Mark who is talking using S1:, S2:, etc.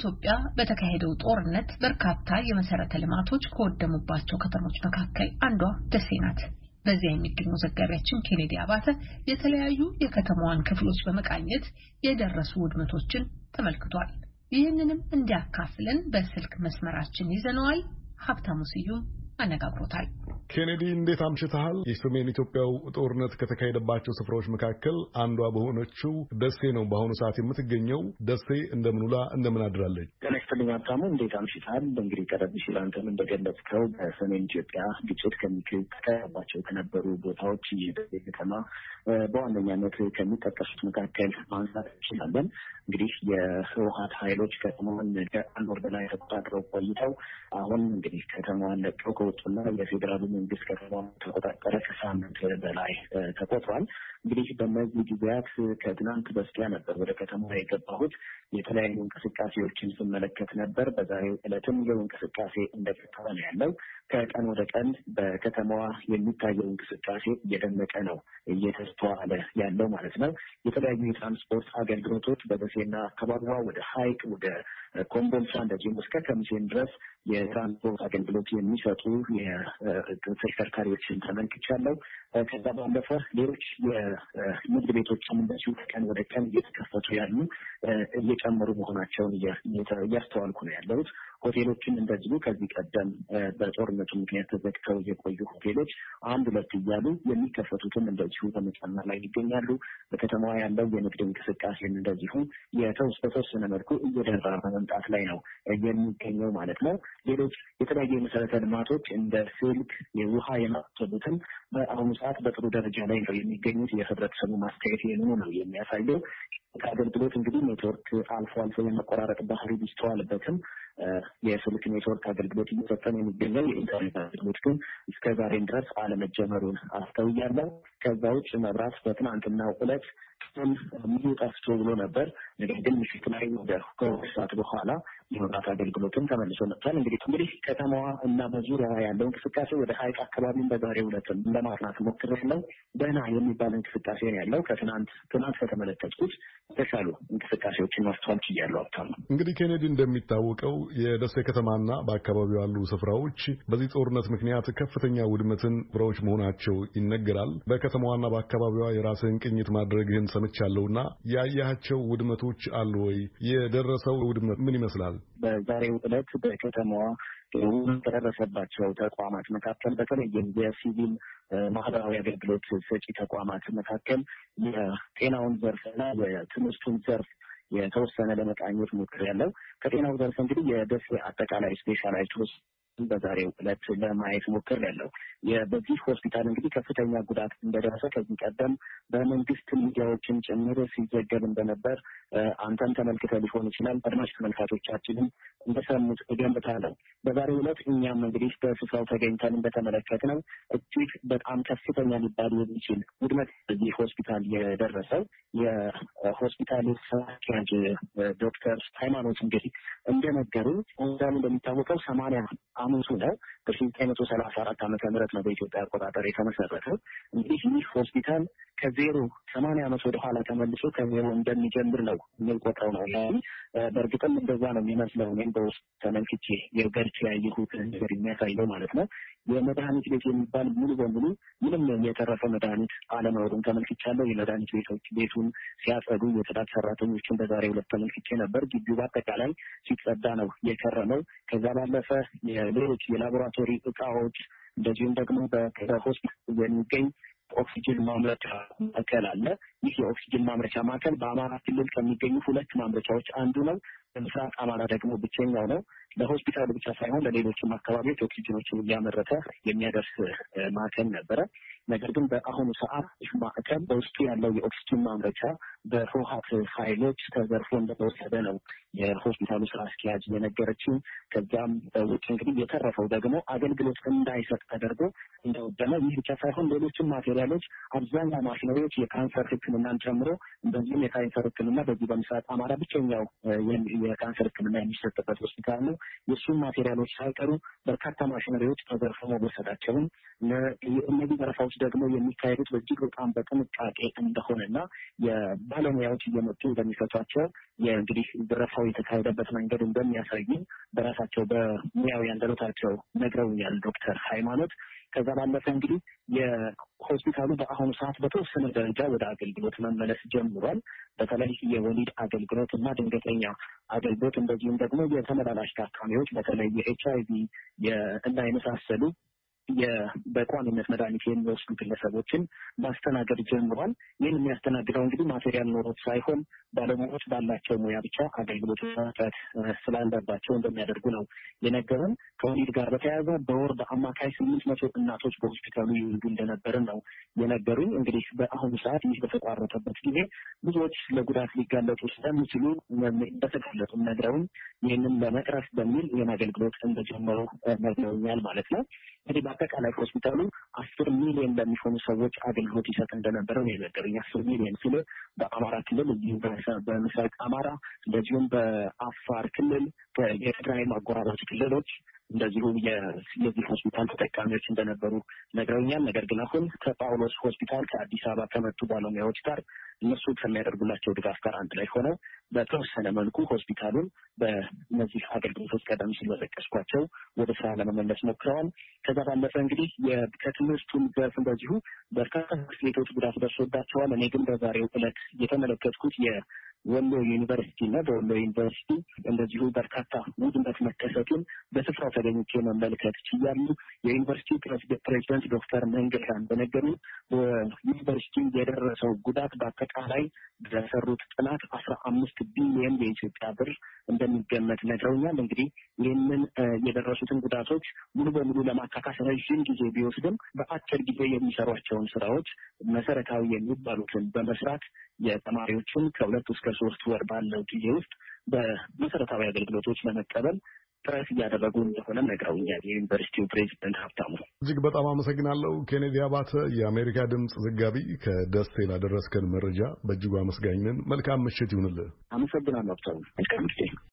S1: ኢትዮጵያ በተካሄደው ጦርነት በርካታ የመሰረተ ልማቶች ከወደሙባቸው ከተሞች መካከል አንዷ ደሴ ናት። በዚያ የሚገኘው ዘጋቢያችን ኬኔዲ አባተ የተለያዩ የከተማዋን ክፍሎች በመቃኘት የደረሱ ውድመቶችን ተመልክቷል። ይህንንም እንዲያካፍለን በስልክ መስመራችን ይዘነዋል። ሀብታሙ ስዩም አነጋግሮታል።
S2: ኬኔዲ እንዴት አምሽተሃል? የሰሜን ኢትዮጵያው ጦርነት ከተካሄደባቸው ስፍራዎች መካከል አንዷ በሆነችው ደሴ ነው በአሁኑ ሰዓት የምትገኘው። ደሴ እንደምንውላ እንደምን አድራለች?
S1: ጤና ይስጥልኝ እንዴት አምሽተሃል? እንግዲህ ቀደም ሲል አንተም እንደገለጽከው በሰሜን ኢትዮጵያ ግጭት ከሚካሄድባቸው ከነበሩ ቦታዎች የደሴ ከተማ በዋነኛነት ከሚጠቀሱት መካከል ማንሳት እንችላለን። እንግዲህ የህወሀት ኃይሎች ከተማዋን ከአንድ ወር በላይ ተቆጣጥረው ቆይተው አሁን እንግዲህ ከተማዋን ለቀው ከወጡና የፌዴራሉ መንግስት ከተማ ተቆጣጠረ ከሳምንት በላይ ተቆጥሯል። እንግዲህ በእነዚህ ጊዜያት ከትናንት በስቲያ ነበር ወደ ከተማ የገባሁት። የተለያዩ እንቅስቃሴዎችን ስመለከት ነበር። በዛሬው ዕለትም ይኸው እንቅስቃሴ እንደቀጠለ ነው ያለው። ከቀን ወደ ቀን በከተማዋ የሚታየው እንቅስቃሴ እየደመቀ ነው እየተስተዋለ ያለው ማለት ነው። የተለያዩ የትራንስፖርት አገልግሎቶች በደሴና አካባቢዋ ወደ ሀይቅ ወደ ኮምቦልቻ እንደዚሁም እስከ ከሚሴን ድረስ የትራንስፖርት አገልግሎት የሚሰጡ የተሽከርካሪዎችን ተመልክቻለሁ። ከዛ ባለፈ ሌሎች ንግድ ቤቶችም እንደዚሁ ከቀን ወደ ቀን እየተከፈቱ ያሉ እየጨመሩ መሆናቸውን እያስተዋልኩ ነው ያለሁት። ሆቴሎችን እንደዚሁ ከዚህ ቀደም በጦርነቱ ምክንያት ተዘግተው የቆዩ ሆቴሎች አንድ ሁለት እያሉ የሚከፈቱትም እንደዚሁ በመጨመር ላይ ይገኛሉ። በከተማዋ ያለው የንግድ እንቅስቃሴም እንደዚሁ በተወሰነ መልኩ እየደራ በመምጣት ላይ ነው የሚገኘው ማለት ነው። ሌሎች የተለያዩ የመሰረተ ልማቶች እንደ ስልክ፣ የውሃ የመሳሰሉትም በአሁኑ ሰዓት በጥሩ ደረጃ ላይ ነው የሚገኙት። የህብረተሰቡ ማስተያየት ይህንኑ ነው የሚያሳየው። ከአገልግሎት እንግዲህ ኔትወርክ አልፎ አልፎ የመቆራረጥ ባህሪ ቢስተዋልበትም የስልክ ኔትወርክ አገልግሎት እየሰጠን የሚገኘው የኢንተርኔት አገልግሎት ግን እስከ ዛሬም ድረስ አለመጀመሩን አስተውያለሁ። ከዛ ውጭ መብራት በትናንትናው ዕለት ክፍል ሙሉ ጠፍቶ ብሎ ነበር። ነገር ግን ምሽት ላይ ወደ ከሁለት ሰዓት በኋላ የመብራት አገልግሎትም ተመልሶ መጥቷል። እንግዲህ እንግዲህ ከተማዋ እና በዙሪያዋ ያለው እንቅስቃሴ ወደ ሀይቅ አካባቢም በዛሬው ዕለትም ለማጥናት ሞክሬያለሁ። ደህና የሚባል እንቅስቃሴ ያለው። ከትናንት ትናንት ከተመለከትኩት የተሻሉ እንቅስቃሴዎችን ማስተዋል ችያለሁ። አብታሉ
S2: እንግዲህ ኬኔዲ እንደሚታወቀው የደሴ ከተማና በአካባቢው ያሉ ስፍራዎች በዚህ ጦርነት ምክንያት ከፍተኛ ውድመትን ስፍራዎች መሆናቸው ይነገራል። በከተማዋና በአካባቢዋ የራስህን ቅኝት ማድረግህን ሰምቻለሁና ያያቸው ውድመቶች አሉ ወይ? የደረሰው ውድመት ምን ይመስላል?
S1: በዛሬው ዕለት በከተማዋ ከደረሰባቸው ተቋማት መካከል በተለይም የሲቪል ማህበራዊ አገልግሎት ሰጪ ተቋማት መካከል የጤናውን ዘርፍና የትምህርቱን ዘርፍ የተወሰነ ለመቃኘት ያለው ከጤናው ዘርፍ እንግዲህ የደሴ አጠቃላይ ስፔሻላይዝድ እሱን በዛሬው ዕለት ለማየት ሞክር ያለው በዚህ ሆስፒታል እንግዲህ ከፍተኛ ጉዳት እንደደረሰ ከዚህ ቀደም በመንግስት ሚዲያዎችን ጭምር ሲዘገብ እንደነበር አንተን ተመልክተ ሊሆን ይችላል። አድማጭ ተመልካቾቻችንም እንደሰሙት እገምታለሁ። በዛሬው ዕለት እኛም እንግዲህ በስፍራው ተገኝተን እንደተመለከት ነው እጅግ በጣም ከፍተኛ ሊባል የሚችል ውድመት በዚህ ሆስፒታል የደረሰው የሆስፒታሉ ስራ አስኪያጅ ዶክተር ሃይማኖት እንግዲህ እንደነገሩ ሆስፒታሉ እንደሚታወቀው ሰማንያ ሐሙስ ሁለት በሺህ ዘጠኝ መቶ ሰላሳ አራት ዓመተ ምህረት ነው በኢትዮጵያ አቆጣጠር የተመሰረተው። እንግዲህ ይህ ሆስፒታል ከዜሮ ሰማንያ ዓመት ወደኋላ ተመልሶ ከዜሮ እንደሚጀምር ነው የሚቆጠው ነው። በእርግጥም እንደዛ ነው የሚመስለው። እኔም በውስጥ ተመልክቼ የገርች ያየሁት ነገር የሚያሳየው ማለት ነው። የመድኃኒት ቤት የሚባል ሙሉ በሙሉ ምንም የተረፈ መድኃኒት አለመኖሩን ተመልክቻለሁ። የመድኃኒት ቤቶች ቤቱን ሲያጸዱ የጽዳት ሰራተኞችን በዛሬው ዕለት ተመልክቼ ነበር። ግቢው በአጠቃላይ ሲጸዳ ነው የከረመው። ከዛ ባለፈ ሌሎች የላቦራቶሪ እቃዎች እንደዚሁም ደግሞ በሆስፒታል የሚገኝ ኦክሲጅን ማምረቻ ማዕከል አለ። ይህ የኦክሲጅን ማምረቻ ማዕከል በአማራ ክልል ከሚገኙ ሁለት ማምረቻዎች አንዱ ነው። በምስራቅ አማራ ደግሞ ብቸኛው ነው። ለሆስፒታሉ ብቻ ሳይሆን ለሌሎችም አካባቢዎች ኦክሲጅኖችን እያመረተ የሚያደርስ ማዕከል ነበረ። ነገር ግን በአሁኑ ሰዓት ይህ ማዕከል በውስጡ ያለው የኦክሲጅን ማምረቻ በህወሀት ኃይሎች ተዘርፎ እንደተወሰደ ነው የሆስፒታሉ ስራ አስኪያጅ የነገረችን። ከዚያም ውጭ እንግዲህ የተረፈው ደግሞ አገልግሎት እንዳይሰጥ ተደርጎ እንደወደመ፣ ይህ ብቻ ሳይሆን ሌሎችም ማቴሪያሎች፣ አብዛኛው ማሽነሪዎች የካንሰር ህክምናን ጨምሮ እንደዚህም የካንሰር ህክምና በዚህ በምስራት አማራ ብቸኛው የካንሰር ህክምና የሚሰጥበት ሆስፒታል ነው። የእሱም ማቴሪያሎች ሳይቀሩ በርካታ ማሽነሪዎች ተዘርፎ መወሰዳቸውን እነዚህ ዘረፋዎች ደግሞ የሚካሄዱት በእጅግ በጣም በጥንቃቄ እንደሆነና የባለሙያዎች እየመጡ እንደሚፈቷቸው የእንግዲህ ዘረፋው የተካሄደበት መንገድ እንደሚያሳይም በራሳቸው በሙያዊ አንደበታቸው ነግረውኛል ዶክተር ሃይማኖት ከዛ ባለፈ እንግዲህ የሆስፒታሉ በአሁኑ ሰዓት በተወሰነ ደረጃ ወደ አገልግሎት መመለስ ጀምሯል። በተለይ የወሊድ አገልግሎት እና ድንገተኛ አገልግሎት እንደዚሁም ደግሞ የተመላላሽ ታካሚዎች በተለይ የኤች አይ ቪ እና የመሳሰሉ በቋሚነት መድኃኒት የሚወስዱ ግለሰቦችን ማስተናገድ ጀምሯል። ይህን የሚያስተናግደው እንግዲህ ማቴሪያል ኖሮት ሳይሆን ባለሙያዎች ባላቸው ሙያ ብቻ አገልግሎት መስጠት ስላለባቸው እንደሚያደርጉ ነው የነገረን። ከወሊድ ጋር በተያያዘ በወር በአማካይ ስምንት መቶ እናቶች በሆስፒታሉ ይወልዱ እንደነበርን ነው የነገሩኝ። እንግዲህ በአሁኑ ሰዓት ይህ በተቋረጠበት ጊዜ ብዙዎች ለጉዳት ሊጋለጡ ስለሚችሉ በተጋለጡ ነግረውን ይህንን ለመቅረፍ በሚል ይህን አገልግሎት እንደጀመሩ ነግረውኛል ማለት ነው። እንግዲህ በአጠቃላይ ሆስፒታሉ አስር ሚሊዮን ለሚሆኑ ሰዎች አገልግሎት ይሰጥ እንደነበረ ነው የነገረኝ። አስር ሚሊዮን ስል በአማራ ክልል እንዲሁም በምስራቅ አማራ እንደዚሁም በአፋር ክልል የትግራይ አጎራባች ክልሎች እንደዚሁ የዚህ ሆስፒታል ተጠቃሚዎች እንደነበሩ ነግረውኛል። ነገር ግን አሁን ከጳውሎስ ሆስፒታል ከአዲስ አበባ ከመጡ ባለሙያዎች ጋር እነሱ ከሚያደርጉላቸው ድጋፍ ጋር አንድ ላይ ሆነው በተወሰነ መልኩ ሆስፒታሉን በእነዚህ አገልግሎቶች ቀደም ሲል በጠቀስኳቸው ወደ ስራ ለመመለስ ሞክረዋል። ከዛ ባለፈ እንግዲህ ከትምህርቱም ዘርፍ እንደዚሁ በርካታ ትምህርት ቤቶች ጉዳት ደርሶባቸዋል። እኔ ግን በዛሬው እለት የተመለከትኩት ወሎ ዩኒቨርሲቲ እና በወሎ ዩኒቨርሲቲ እንደዚሁ በርካታ ውድመት መከሰቱን በስፍራው ተገኝቼ መመልከት ችያሉ። የዩኒቨርሲቲ ፕሬዚደንት ዶክተር መንገሻ እንደነገሩ በዩኒቨርሲቲ የደረሰው ጉዳት በአጠቃላይ በሰሩት ጥናት አስራ አምስት ቢሊየን የኢትዮጵያ ብር እንደሚገመት ነግረውኛል። እንግዲህ ይህንን የደረሱትን ጉዳቶች ሙሉ በሙሉ ለማካካስ ረዥም ጊዜ ቢወስድም በአጭር ጊዜ የሚሰሯቸውን ስራዎች መሰረታዊ የሚባሉትን በመስራት የተማሪዎቹን ከሁለት እስከ ሶስት ወር ባለው ጊዜ ውስጥ በመሰረታዊ አገልግሎቶች ለመቀበል ጥረት እያደረጉ እንደሆነ ነግረውኛል። የዩኒቨርሲቲው ፕሬዚደንት
S2: ሀብታሙ እጅግ በጣም አመሰግናለሁ። ኬኔዲ አባተ፣ የአሜሪካ ድምፅ ዘጋቢ፣ ከደሴ ላደረስከን መረጃ በእጅጉ አመስጋኝነን። መልካም ምሽት ይሁንልህ።
S1: አመሰግናለሁ ሀብታሙ። መልካም ምሽት።